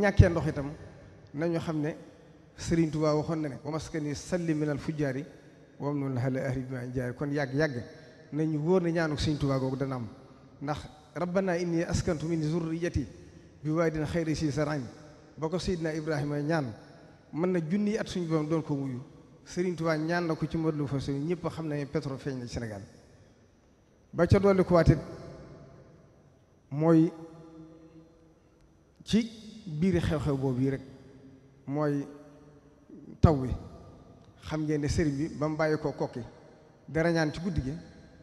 ñàkkee ndox itam nañu xam ne Serigne Touba waxoon na ne wa maskani salli minal fujjaari wam noonu ala ahli bi maa jaari kon yàgg-yàgg nañu wóor na ñaanu Serigne Touba googu dana am ndax rabbana inni askantu min zurriyati bi waadin xayri si sarañ ba ko Seydina Ibrahima ñaan mën na junni at suñu borom doon ko wuyu Serigne Touba ñaan na ko ci modlu fa su ñëpp xam ne pétrole feeñ na Sénégal ba ca dolli ko waatit mooy ci biiri xew-xew boobu yi rek mooy taw bi xam ngeen ne sëriñ bi ba mu bàyyi koo kokki dara ñaan ci guddi gi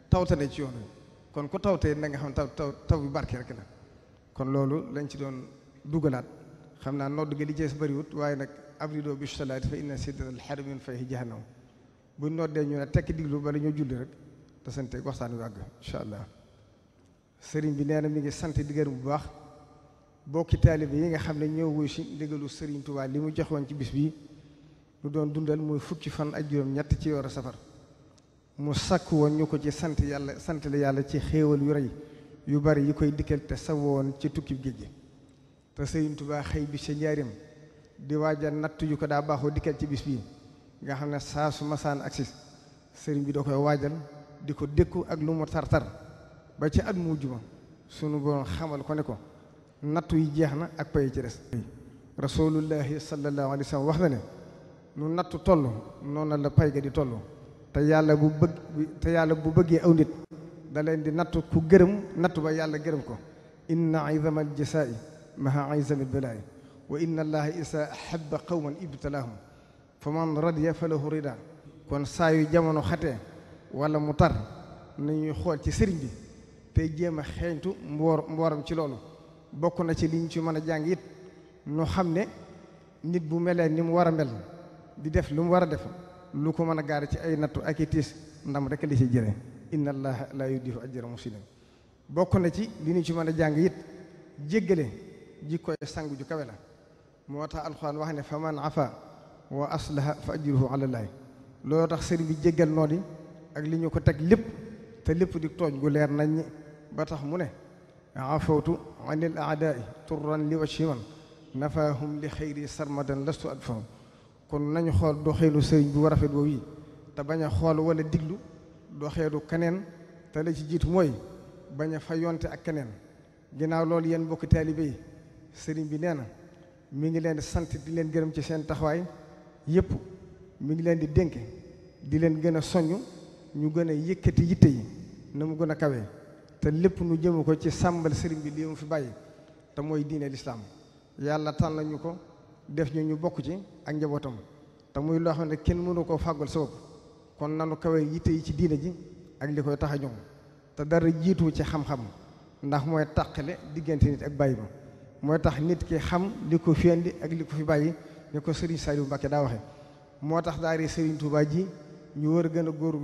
tawte na ci yoon wi kon taw te na nga xam taw taw taw bi barke rek la kon loolu lañ ci doon dugalaat xam naa nodd ga li si bariwut waaye nag abrido bi salaati fa inna sidratal haramin fayhi jahannam bu noddee ñu ne tekk diglu bala ñu julli rek te sante waxtaan wi wàgg incha allah sëriñ bi nee na mi ngi sant diggante bu baax bokki taalibe yi nga xam ne ñoo wuy si ndigalu Serigne Touba li mu jox woon ci bis bi lu doon dundal muy fukki fan ak juróom-ñett ci a safar mu sakk woon ñu ko ci sant yàlla sant la yàlla ci xéewal yu rëy yu bari yi koy dikkal te sa woon ci tukki géej gi te Serigne tubaa xëy bi sa njaarim di waajal natt yu ko daa baaxoo dikkal ci bis bii nga xam ne saa su masaan agsi sëriñ bi doo koy waajal di ko dékku ak lu mu tar tar ba ci at mu mujj ma sunu ko ne ko. nattu yi jeex na ak pay ci des rasulullahi sallallahu wax na ne nu nattu toll noonu la pay ga di toll te yàlla bu bëgg te yàlla bu bëggee aw nit da leen di nattu ku gërëm nattu ba yàlla gërëm ko inna izama al jasaa'i maha izami al balaa'i wa inna allaha isa ahabba qawman ibtalaahum fa man radiya falahu rida kon saa yu jamono xatee wala mu tar nañuy xool ci sëriñ bi tey jéem a xeeñtu mboor mbooram ci loolu bokk na ci liñ ci mën a jàng it nu xam ne nit bu melee ni mu war a mel di def lu mu war a def lu ko mën a gaari ci ay nattu ak i tiis ndam rek li ci jëre inna allaha di yudifu ajra muslimin bokk na ci li ñu ci mën a jàng it jéggale jikkoy sangu ju kawe la moo tax alxuraan wax ne fa man afa wa aslaha fa ajruhu ala llahi looloo tax sëriñ bi jéggal noo di ak li ñu ko teg lépp te lépp di tooñ gu leer nañ ñi ba tax mu ne afawtu an il aadaai turran li wacci man nafaahum li xayri sarmadan lastu adfahum kon nañu xool doxeelu sëriñ bu rafet boobu yi te bañ a xool walla diglu doxeelu keneen te la ci jiitu mooy bañ a fayonte ak keneen ginnaaw loolu yéen mbokki taalibe yi sëriñ bi nee na mu ngi leen sant di leen gërëm ci seen taxawaay yépp mi ngi leen di dénke di leen gën a soññ ñu gën a yëkkati yitte yi na mu gën a kawe te lépp nu jëme ko ci sàmbal sëriñ bi lii fi bàyyi te mooy diine lislaam yàlla tànn ñu ko def ñu ñu bokk ci ak njabootam te muy loxo ne kenn mënu koo fàggal sa kon nanu kawe yitte yi ci diine ji ak li koy tax a ñoom te dara jiitu ci xam-xam ndax mooy tàqale diggante nit ak bàyyi ba mooy tax nit ki xam li ko fi indi ak li ko fi bàyyi ni ko sëriñ Saliou Mbacké daa waxe moo tax daari sëriñ Touba ji ñu wër gën a góor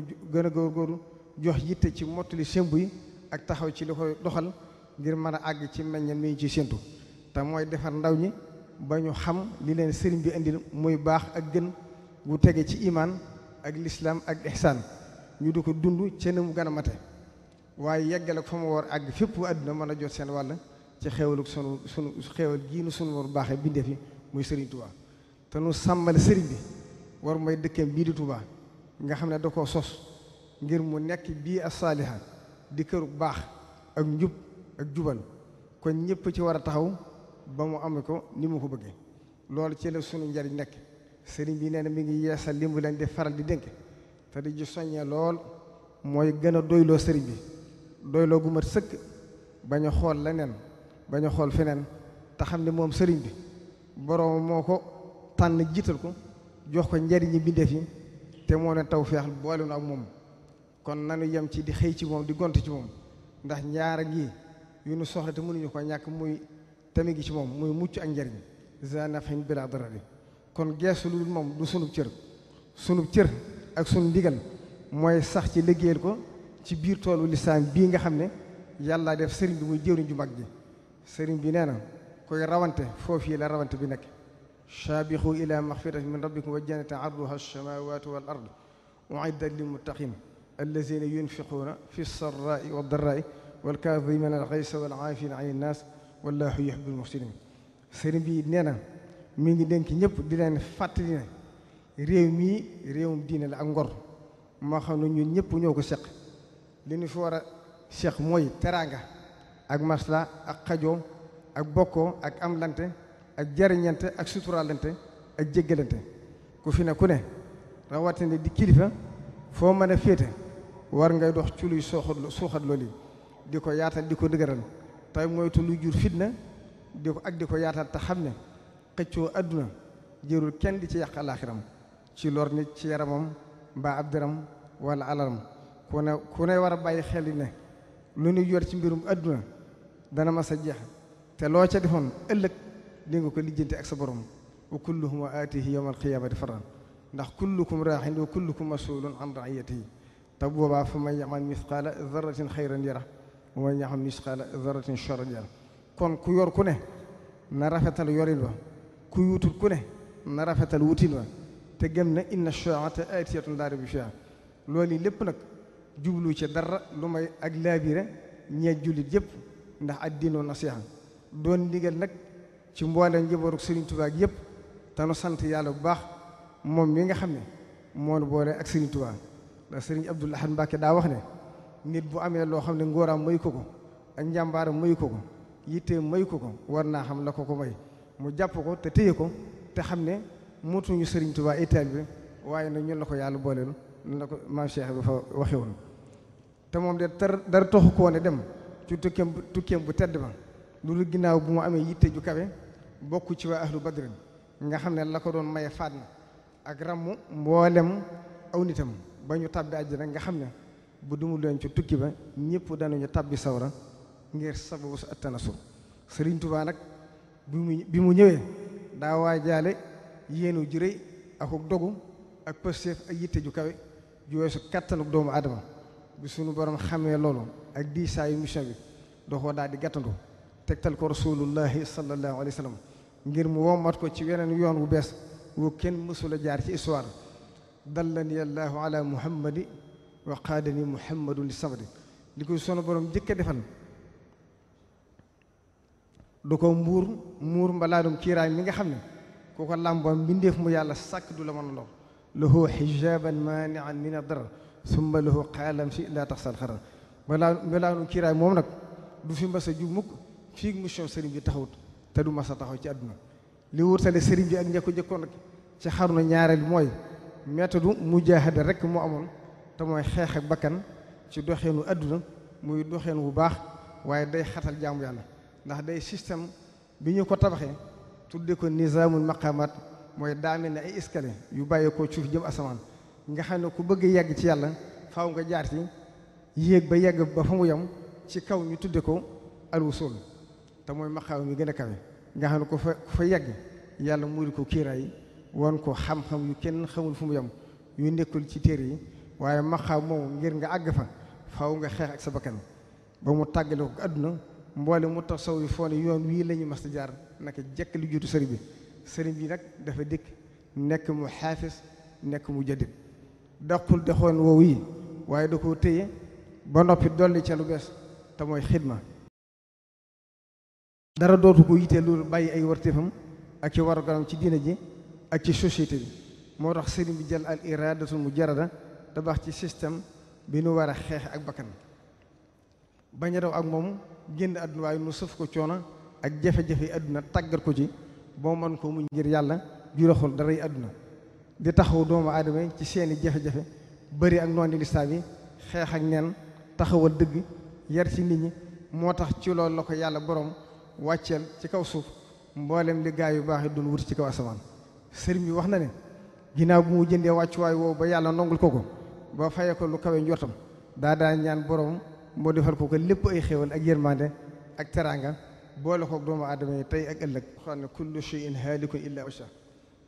a góor góoru jox yitte ci mottali semb yi ak taxaw ci li koy doxal ngir mën a àgg ci meññeen mi ci séntu te mooy defar ndaw ñi ba ñu xam li leen sëriñ bi indil muy baax ak gën bu tege ci imaan ak lislaam ak ihsaan ñu di ko dund ci mu gën a mate waaye yeggale ko fa mu war àgg fépp wa àdduna mën a jot seen wàll ci xéewalug sunu sunu giinu gii nu sunu war baaxee bindee fi muy sëriñ Touba te nu sàmmal sëriñ bi war mooy dëkkeem bii di Touba nga xam ne da ko sos ngir mu nekk bii as saaliha di këru baax ak njub ak jubal kon ñëpp ci war a taxaw ba mu am ko ni mu ko bëggee loolu ci la sunu njariñ nekk sëriñ bi nee na mi ngi yeesal li mu leen di faral di dénk te di ju soññee lool mooy gën a doyloo sëriñ bi doyloo gu sëkk bañ xool leneen bañ a xool feneen te xam ne moom sëriñ bi boroom moo ko tànn jiital ko jox ko njariñi bindeef yi te moo nen ne tawfeex boole na ak moom kon nanu yem ci di xëy ci moom di gont ci moom ndax ñaara ngi yu nu soxla te mënuñu ko ñàkk muy tami gi ci moom muy mucc ak njariñ zanafin bila darari kon geesu lu moom du sunub cër sunub cër ak sunu ndigal mooy sax ci liggéeyal ko ci biir toolu lisaan bii nga xam ne yàlla def sëriñ bi muy jëwriñ ju mag ji sëriñ bi nee na koy rawante foofii la rawante bi nekk saabixu ila maxfiratin min rabbikum wa jannatin arduha alsamawatu wa ard uiddat lil muttaqin allazina yunfiquuna fi sarraai wa darraai wal kaadimina al xaysa wal aafina an innaas wallaahu yuhibbul nee na mi ngi dénk ñëpp di leen fàttali ne réew mii réewum diine la ak ngor moo xam ne ñun ñëpp ñoo ko seq li ñu fi war a seq mooy teraanga ak masla ak xajoo ak bokkoo ak amlante ak jariñante ak suturaalante ak jéggalante ku fi ne ku ne rawatina di kilifa foo mën a féete war ngay dox ci luy sooxat suuxat loolu di ko yaatal di ko dëgëral tey moytu luy jur fitna di ak di ko yaatal te xam ne xëccoo àdduna jërul kenn di ci yàq alaaxiram ci lor nit ci yaramam mbaa ab dëram wala alalam ku ne ku ne war a bàyyi xel yi ne lu ñuy yor ci mbirum àdduna dana mas a jeex te loo ca defoon ëllëg di nga ko lijjanti ak sa borom wa kulluhum aatihi yawma alqiyaamati fardan ndax kullukum raaxin wa kullukum masulun an raiyatihi te boobaa fu man yamal misqaala zarratin xayran yara wa man yamal misqaala zarratin charran yara kon ku yor ku ne na rafetal yorin wa ku yuutul ku ne na rafetal wutin wa te gëm na inna shaa'ata aatiyatun laa rayba lool loolu lépp nag jublu ci dara lu may ak laabire ñee jullit yëpp ndax addiinu nasiha doon ndigal nag ci mboole njabootu Serigne Touba yëpp te nu sant yàlla bu baax moom mi nga xam ne moo boole ak Serigne Touba. ndax sëriñ Abdoul Ahad Mbacke daa wax ne nit bu amee loo xam ne ngooraam mayu ko ko ak njàmbaaram mayu ko ko yittee mayu ko ko war naa xam la ko ko may mu jàpp ko te téye ko te xam ne mootuñu sëriñ waa ital bi waaye na ñun la ko yàlla booleel ñun la ko maam Cheikh bi fa waxee woon te moom de tar dara toxu koo ne dem ci tukkeem tukkeem bu tedd lu loolu ginnaaw bu mu amee yitte ju kawe bokk ci waa ahlu badrin nga xam ne la ko doon maye faat na ak rammu mboolem aw nitam ba ñu tàbbi àjjana nga xam ne bu dumu leen ci tukki ba ñëpp danañu tàbbi sawra ngir sababu su attanasur Sëriñ Tuubaa nag bi mu ñëwee daa jaale yéenu ju rëy akuk dogu ak pësteef ak yitte ju kawe ju weesu kàttanuk doomu aadama bi sunu borom xamee loolu ak diisaayu mission bi doxoo daal di gàttandu tegtal ko rasulullahi sallallahu alayhi wa sallam ngir mu wommat ko ci weneen yoon wu bees wu kenn mësula jaar ci histoire dallani allahu ala muhammadi wa qaadani muhammadun li samadi li koy sunu borom njëkk a defal du ko mbuur muur mbalaadum kiiraay mi nga xam ne ku ko làmboon mbindeef mu yàlla sàkk du la mën a lor lahu xijaaban maanian min ad-darar summa lahu qaalam si laa tax sal xarar kiiraay moom nag du fi mbasa ju mukk fii mission sëriñ bi taxawut te du mas taxaw ci àdduna li wurtale sëriñ bi ak ña ko jëkkoon nag ci xaruna ñaareel mooy mu mujaahada rek mu amoon te mooy xeex ak bakkan ci doxeenu àdduna muy doxeen bu baax waaye day xatal jaamu yàlla ndax day système bi ñu ko tabaxee tudde ko nizaamul maqaamaat mooy daa mel ne ay escalier yu bàyyeekoo suuf jëm asamaan nga xam ne ku bëgg yegg ci yàlla faaw nga jaar ci yéeg ba yegg ba fa mu yem ci kaw ñu tudde ko alwusul te mooy maqaam mi gën a kawe nga xam ne ku fa ku fa yegg yàlla muuri ko kiiraay won ko xam-xam yu kenn xamul fu mu yem yu nekkul ci téere yi waaye maxaam moom ngir nga àgg fa faaw nga xeex ak sa bakkan ba mu tàggale ko àdduna mboole mu tax saw yu foo yoon wii la ñu mas a jaar naka jekk lu jiitu sëriñ bi sëriñ bi nag dafa dikk nekk mu xaafis nekk mu jëddit daqul dexoon woowu yi waaye da ko téye ba noppi dolli ca lu bees te mooy xidma dara dootu ko yitee loolu bàyyi ay warteefam ak ci warugaram ci diina ji ak ci société bi moo tax sëriñ bi jël al iradatul mujarrada tabax ci système bi nu war a xeex ak bakkan bañ a daw ak moom génn àdduna waaye nu sëf ko coono ak jafe-jafe àdduna tàggat ko ci boo mën ko muñ ngir yàlla juraxul daray àdduna di taxaw doomu aadama ci seeni jafe-jafe bëri ak noonu lislaam yi xeex ak neen taxawal dëgg yar ci nit ñi moo tax ci loolu la ko yàlla borom wàcceel ci kaw suuf mboolem li gaa yu baax yi doon wuti ci kaw asamaan sëriñ bi wax na ne ginnaaw bu mu jëndee wàccuwaay woowu ba yàlla nongul ko ko ba fayee ko lu kawee njortam daa daa ñaan boroom moo defal ko ko lépp ay xéwal ak yërmande ak teraanga boole ko doomu aadama yi tey ak ëllëg xam ne kullu shay'in haalikun illa wajhah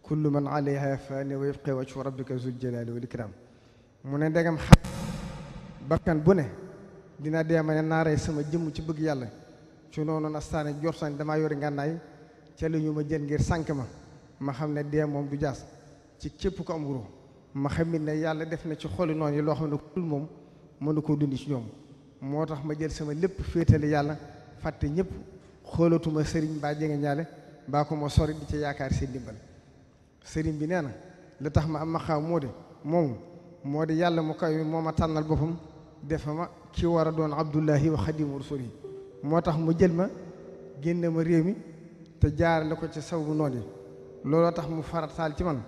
kullu man alayha ci wa yabqa wajhu rabbika zul jalaali wal ikraam mu ne ndegam xam bakkan bu ne dina deema ne naaree sama jëmm ci bëgg yàlla ci noonu nastaane jortan dama yori ngànnaay ca li ñu ma jën ngir sànk ma ma xam ne dee moom du jaas ci képp ko am ruux ma xam ne yàlla def na ci xoli noonu yi loo xam ne ku dul moom mënu koo dundi ci ñoom moo tax ma jël sama lépp féetale yàlla fàtte ñëpp xoolatuma sëriñ mbaa jege ñaale baa ko ma sori di ca yaakaar seen dimbal sëriñ bi nee na li tax ma am ma xaw moo de moom moo di yàlla mu kaw mi moo ma tànnal boppam defa ma ki war a doon abdullahi wa xadimu rasuli moo tax mu jël ma génne ma réew mi te jaarale ko ci saw bu noon looloo tax mu fara farataal ci man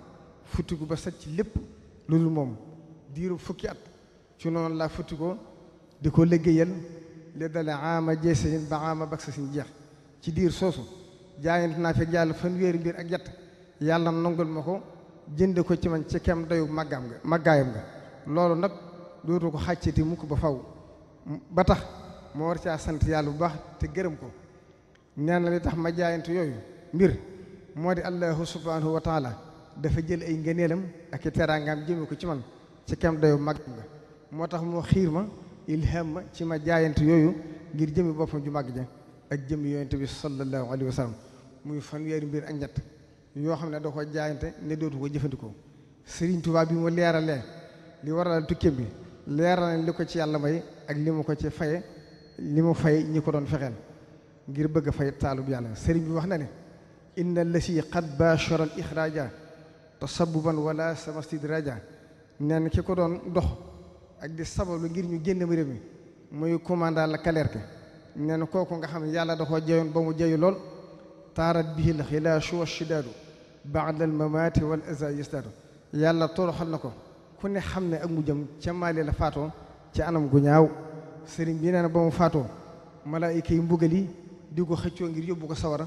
futtiku ba sacc lépp lu dul moom diiru fukki at ci noonu laa futti di ko liggéeyal li dale aama jeesayin ba aama baksa sin jeex ci diir soosu jaayant naa fekk yàlla fanweeri mbir ak yatt yàlla nangul ma ko jënde ko ci man ci kem dayu màggaam nga màggaayam nga loolu nag dootu ko xàccati mukk ba faw ba tax moo war caa sant yàlla bu baax te gërëm ko nee na li tax ma jaayante yooyu mbir moo di allahu subhanahu wa taala dafa jël ay ngëneelam ak i teraangaam jëme ko ci man ci kem dayu mag nga moo tax mu xiir ma ilham ma ci ma jaayante yooyu ngir jëmi boppam ju mag ja ak jëmi yooyu bi sallallahu alayhi wa sallam muy fanweeri mbir ak ñett yoo xam ne da ko jaayante ne dootu ko jëfandikoo Sëriñ Tuubaa bi mu leeralee li waral tukkeem bi leeral li ko ci yàlla may ak li mu ko ci faye li mu fay ñi ko doon fexeel ngir bëgg a fay taalub yàlla sëriñ bi wax na ne na allasi qad baashara al ixraaja tasabuban wala sama stidraja nee na ki ko doon dox ak di sabab la ngir ñu génn réew mi muy commandant la Kalerte nee na kooku nga xam ne yàlla da koo jeyoon ba mu jeyu lool taarat bihi l xilaashu wa shidaadu baada al mamaati wal aza yasdaadu yàlla toroxal na ko ku ne xam ne ak mu jëm ca Mali la faatoo ci anam gu ñaaw sëriñ bi nee ba mu faatoo malaayika yi mbugal yi di ko xëccoo ngir yóbbu ko sawara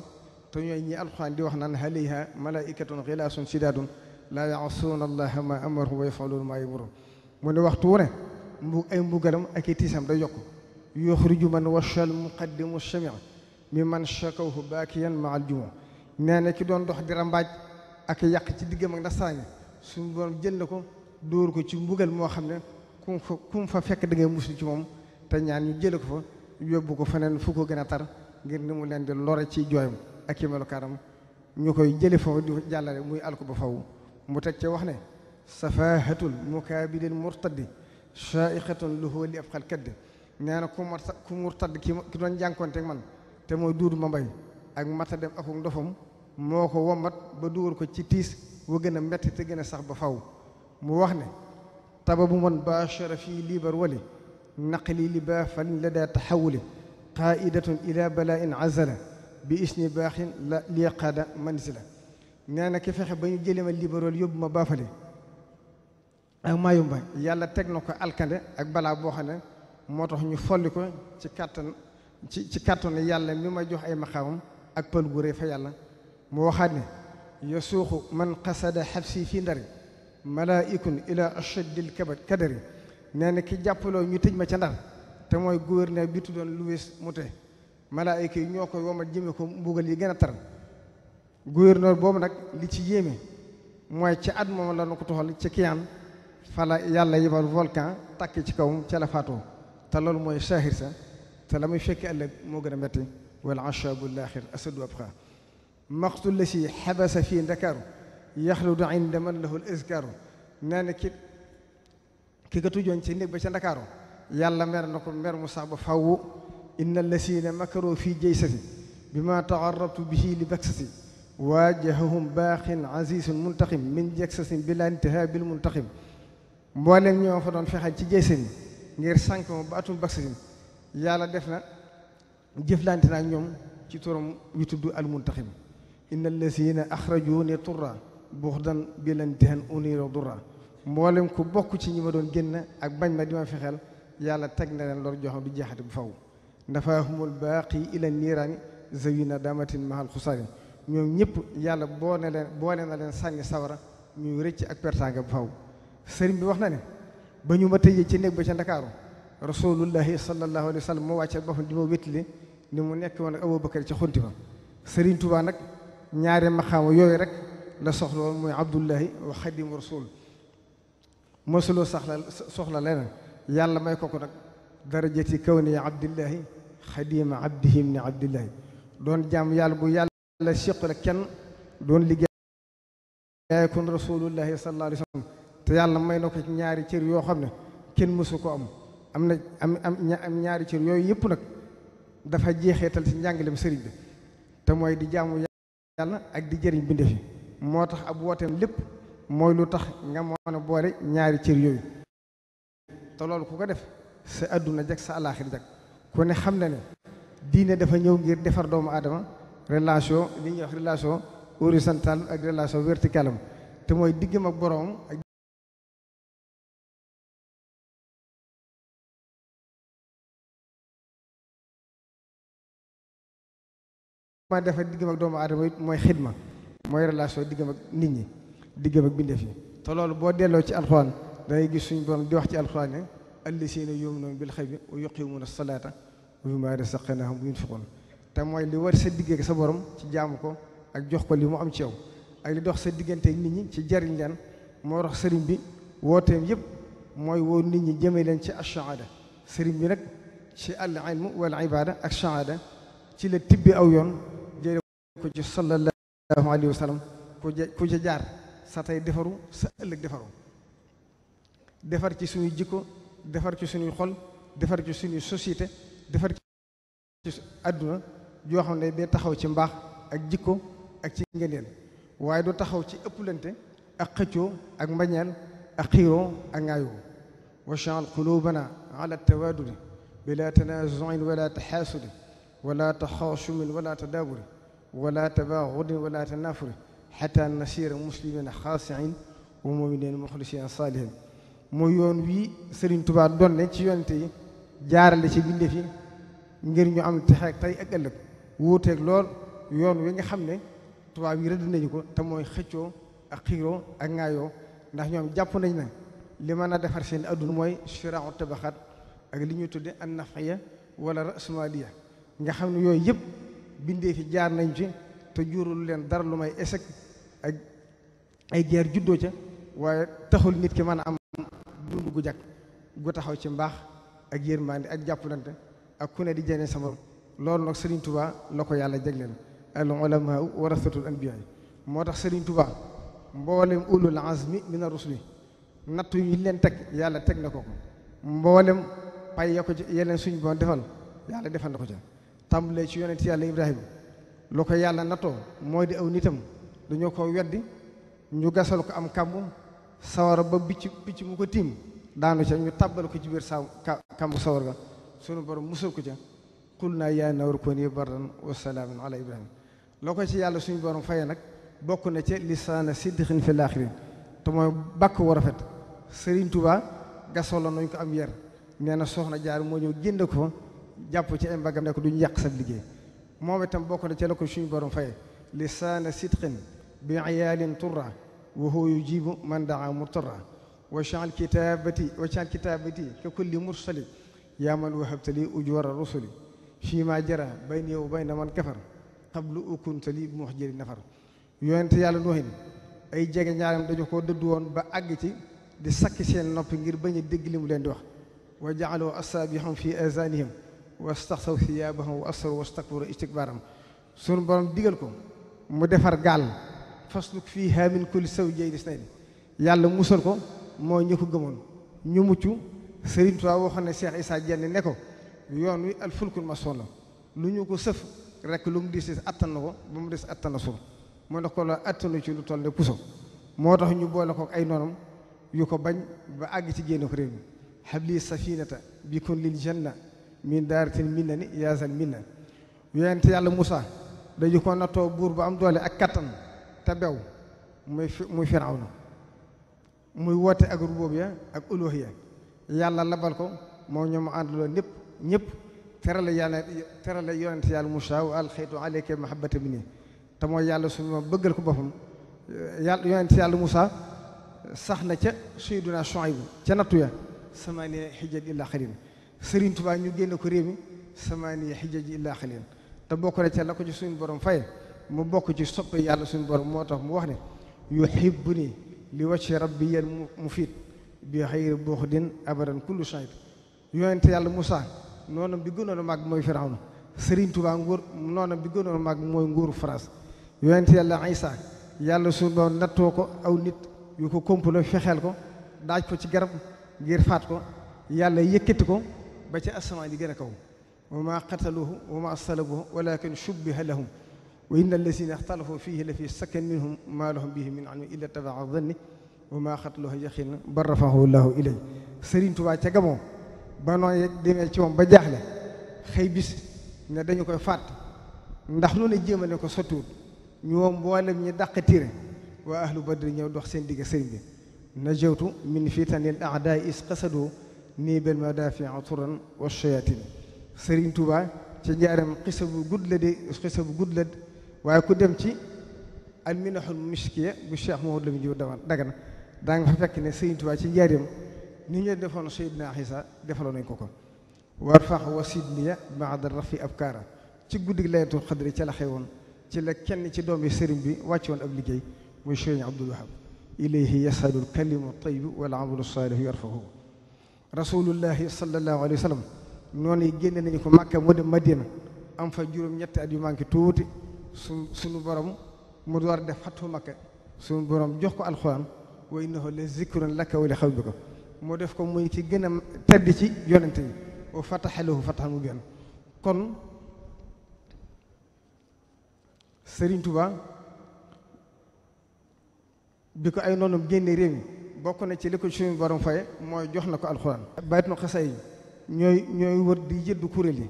te ñooy ñi alxuraan di wax naan alayha malaikatun ghilaasun shidaadun laa ya'suuna allaha ma amarahum wa yaf'aluuna ma yu'maruun mu ne waxtu wu ne mbu ay mbugalam ak i tiisam day yokk yuxriju man washal muqaddimu shami' mi man shakawhu baakiyan ma aljumu nee na ki doon dox di rambaaj ak yàq ci diggam ak nasaraan su borom jël na ko dóor ko ci mbugal moo xam ne kum fa kum fa fekk da ngay muslu ci moom te ñaan ñu jële ko fa yóbbu ko feneen fu ko gën a tar ngir ni mu leen di lore ci jooyam ak i melokaanam ñu koy jële foofu di jàllale muy alku ba faw mu teg ca wax ne safahatul mukaabilil murtaddi shaiqatun lohoo li ab xal kadde nee na ku murtad ku ki ki doon jànkonte man te mooy duudu ma ak mata dem akuk ndofam moo ko wommat ba dugal ko ci tiis wa gën a metti te gën a sax ba faw mu wax ne tababu man baachara fii liibar wali naqli li baa fan la daa taxawuli qaidatun ila balaa in azala bi isni baaxin la lii qaada mansila nee ki fexe ba ñu jëlee ma libéral yóbbu ma baafale ak maayumba yàlla teg na ko alkande ak balaa boo xam ne moo tax ñu folli ko ci kàttan ci ci kàttan yàlla mi ma jox ay maqaamam ak pël gu rëy fa yàlla mu waxaat ne yasuuxu man qasada xabsi fii ndari malaaikun ila ashaddil kabat kadari nee ki jàppaloo ñu tëj ma ca ndar te mooy gouverneur bi tuddoon Louis Moutet malaayka yi ñoo koy womat jëme ko mbugal yi gën a tar gouverneur boobu nag li ci yéeme mooy ci at moom la nu ko toxal ci kiyaan fala yàlla yebal volcan takk ci kaw ca te loolu mooy saahir sa te la muy fekki ëllëg moo gën a metti wal ashabu laaxir asadu abqa maqtul la si xabasa fii ndakaaru yaxludu inda man lahul azkaaru nee na ki ki ci néeg ba ca ndakaaru yàlla mer mu sax ba fawwu inna allasina makaru fi jaysati bima taarabtu bihi li baksati waajahahum baaxin azizun muntaxim min jaksasin bila intihaa bil muntaxim mboolem ñoo fa doon fexal ci jaysati ngir sànk ma ba atum baksasin yàlla def na jëflante naa ñoom ci turam yu tudd al muntaxim inna allasina axrajuni turra buxdan bila intihan unira durra mboolem ku bokk ci ñi ma doon génn ak bañ ma di ma fexeel yàlla teg na leen loolu joxam du jeexati bu faw nafaahumul baaqi ila niiraani zawina damatin mahal xusaari ñoom ñëpp yàlla boo ne leen boole na leen sànni sawara ñu rëcc ak pertaanga bu faw sëriñ bi wax na ne ba ñu ma tëjee ci néeg ba ca ndakaaru rasulullahi sallallahu alayhi wa sallam moo wàcce boppam di ma wéttali ni mu nekk woon ak Abubakar ci xunti ba sëriñ Tuubaa nag ñaari maxaama yooyu rek la soxla woon mooy abdullahi wa xadimu rasul mosuloo soxla soxla leneen yàlla may ko ko nag darajati kawni abdillahi xadima abdihi ibni abdillahi doon jaam yàlla bu yàlla siq la kenn doon liggéey kon rasulullahi sallallahu alayhi wa sallam te yàlla may na ko ci ñaari cër yoo xam ne kenn mësu ko am am na am am yooyu yëpp nag dafa jeexeetal ci njàngalem sëriñ bi te mooy di jaamu yàlla ak di jëriñ bindee fi moo tax ab wooteem lépp mooy lu tax nga mën a boole ñaari cër yooyu te loolu ku ko def si àdduna jag sa àllaaxir jag kon xam na ne diine dafa ñëw ngir defar doomu aadama relation li ñuy wax relation horizontale ak relation verticale te mooy diggam ak boroom doomu aadama mooy xidma mooy relation diggam ak nit ñi diggam ak bindeef yi te loolu boo delloo ci alxuraan dangay gis suñu borom di wax ci alxuraan allasiina yu'minuuna bil xaybi wa yuqiimuuna salaata wa mimmaa razaqnaahum yunfiquun te mooy li war sa digg ak sa borom ci jaamu ko ak jox ko li mu am ci yow ak li dox sa diggante nit ñi ci jariñ leen moo rax sëriñ bi wooteem yëpp mooy woo nit ñi jëmee leen ci ash-shahaada sëriñ bi rek ci àll ilmu wal ibaada ak shahaada ci la tibbi aw yoon jële ko ci sallallahu alayhi wa sallam ku ja jaar sa tey defaru sa ëllëg defaru defar ci suñu jikko defar ci suñuy xol defar ci sunuy société defar ci àdduna joo xam ne day taxaw ci mbaax ak jikko ak ci ngëneel waaye du taxaw ci ëpplante ak xëccoo ak mbañeel ak xiiroo ak ŋaayoo wachanl qulubana ala tawadudi bila tanazuin wala taxaasudi wala taxaasumin wala tadaaburi wala tabaxudin wala tanafuri xata nasira muslimin xaasiin wa mumineen muxlisiin saalihin mooy yoon wii Serigne Touba donne ci yonte yi jaarale ci bindeef yi ngir ñu am texeeg tey ak ëllëg wuuteeg lool yoon wi nga xam ne tubaab yi rëdd nañu ko te mooy xëccoo ak xiiroo ak ŋaayoo ndax ñoom jàpp nañ na li mën a defar seen adduna mooy siraaxu tabaxaat ak li ñuy tudde an nafiya wala rasmaliya nga xam ne yooyu yëpp bindee fi jaar nañ ci te jurul leen dara lu may échec ak ay guerre juddoo ca waaye taxul nit ki mën a am dund gu gu taxaw ci mbaax ak yërmande ak jàppalante ak ku di jëriñ sama loolu nag Serigne Touba la ko yàlla jagleen al ulama warasatul anbiya moo tax Serigne Touba mboolem ulul azmi mina rusuli nattu yi leen teg yàlla teg na ko mboolem pay ya ko ci yeneen suñ boon defal yàlla defal na ko ca tàmbalee ci yonent yàlla Ibrahima lu ko yàlla nattoo mooy di aw nitam dañoo ko weddi ñu gasal ko am kàmb sawara ba bicc bicc mu ko tiim daanu ca ñu tabbal ko ci biir sa kamb sawar ga sunu borom musal ko ca qul naa yaa nawar kuunii bardan wa salaaman ala ibrahim loo ko ci yàlla suñu borom faye nag bokk na ca lisaana siddiqin fil aaxirin te mooy bàkk war a fet sëriñ Tuubaa gasolo nañ ko am yar nee na soxna jaar moo ñëw génne ko fa jàpp ci ay mbagam ne duñu yàq sa liggéey moom itam bokk na ca la suñu borom faye lisaana sidqin bi ayaalin turra وهو يجيب من دعا مضطرا واجعل كتابتي واجعل كتابتي ككل مرسل يا من وهبت لي أجور الرسل فيما جرى بيني وبين من كفر قبل أكنت لي محجر النفر yonent yàlla noohin ay jege ñaaram dañu ko dëdd woon ba àgg ci di sakki seen noppi ngir bañ a dégg li mu leen di wax wa jaaloo asaabihum fi azanihim wastaxsaw siyaabahum wa asru wastakbaru istikbaaram sunu borom digal ko mu defar gaal fasluk fiha min kulli zawjayn isnayni yàlla musal ko moo ñu ko gëmoon ñu mucc Sëriñ Tuubaa waxoon ne Cheikh Issa Dienne ne ko yoon wi al fulkul masoon la lu ñu ko sëf rek lu mu dis dis attan ko ba mu des attan na suuf mu ne ko la attanu ci lu toll ne puso moo tax ñu boole ko ay noonam yu ko bañ ba àgg ci génn ko réew mi habli safinata bi kun lil janna min daaratin minna ni yaasal minna yonent yàlla Moussa dañu ko nattoo buur bu am doole ak kattan te bew muy muy na muy woote ak rububiyya ak uluhiyya yàlla labal ko moo ñoom mu àndaloo ñëpp ñëpp terale yàlla terale yonent yàlla Muusaa wa alxaytu aleyka mahabbata minni te mooy yàlla suñu ma bëggal ko boppam yàlla yonent yàlla Muusaa sax na ca sayyidunaa Shuaybu ca nattu ya samaaniya xijaj illaa xaliil Sëriñ Tuubaa ñu génne ko réew mi samaaniya xijaj illaa xaliil te bokk na ca la ko ci suñu borom fay mu bokk ci sopp yàlla suñu boro moo tax mu wax ne yuhibbu ni li wacci bi yan mu mu fiit bi xayri buxdin abadan kullu shayb yonente yàlla musaa noonu bi gënoon a màgg mooy Firawna Serigne Touba nguur noonu bi gënoon a màgg mooy nguuru France yonente yàlla Isa yàlla suñu borom nattoo ko aw nit yu ko komplo fexeel ko daaj ko ci garab ngir faat ko yàlla yëkkati ko ba ci asamaan yi gën a kaw wa maa qataluhu wa maa salabuhu walakin shubbiha lahum wa inna allazina ixtalafu fihi la fi sakkan minhum ma lahum bihi min ilmi illa tabaa danni wa ma xatluhu yaqin bal rafahu llahu ilay Sëriñ ca gamoo ba noonu demee ci moom ba jaaxle xëy bis ne dañu koy fàtt ndax lu ne jéem a ne ko sottiwut ñoom mboolem ñi dàq tiire waa ahlu badri ñëw dox seen digg sëriñ bi najawtu min fitanil aadaa is xasado nii benn ma dafi turan wa shayatin Sëriñ Tuubaa ca njaaram bu gudd la de xisa bu gudd la waaye ku dem ci al minahul miskiya bu Cheikh Mouhamadou Lamine Diouf dama dagana daa nga fa fekk ne Sëriñ Tuubaa ci njaareem ni ñu defoon Seydina Isa defaloon nañ ko ko war fax wasidniya ba'da ab kaara ci guddi laylatul xadri ca la xewoon ci la kenn ci doom yi sëriñ bi wàccoon ab liggéey muy Sëriñ Abdul Wahab ilayhi yasadul kalimu tayyib wal amalu saalihu yarfahu rasulullahi sallallahu alayhi wa sallam noonu génne nañu ko Makka mu dem Madina am fa juróom-ñetti at yu manqué tuuti suñ suñu borom mu door def xattu makka suñu borom jox ko alxuraan wa innahu la lakk laka wa li ko mu def ko muy ci gën a tedd ci yonente yi wa fataha lahu fatahan mubiinan kon sëriñ Touba bi ko ay noonum génne réew mi bokk na ci li ko suñu borom faye mooy jox na ko alxuraan baytu xasa yi ñooy ñooy wër di yëddu kuréel yi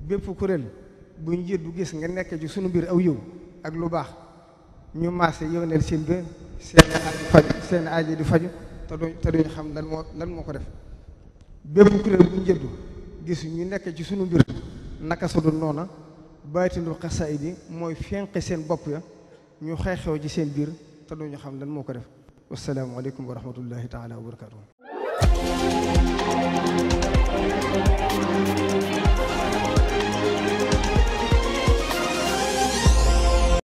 bépp kuréel bu njiit bu gis nga nekk ci sunu mbir aw yow ak lu baax ñu maase yow neel seen bi seen aaji faju seen aaji di faju te duñ te xam lan moo lan moo ko def bépp kuréel bu njëddu gis ñu nekk ci sunu mbir naka su dul noona baatindu xasaay bi mooy fenqi seen bopp ya ñu xew-xew ci seen biir te ñu xam lan moo ko def wasalaamualeykum wa rahmatullahi taala wa barakatuh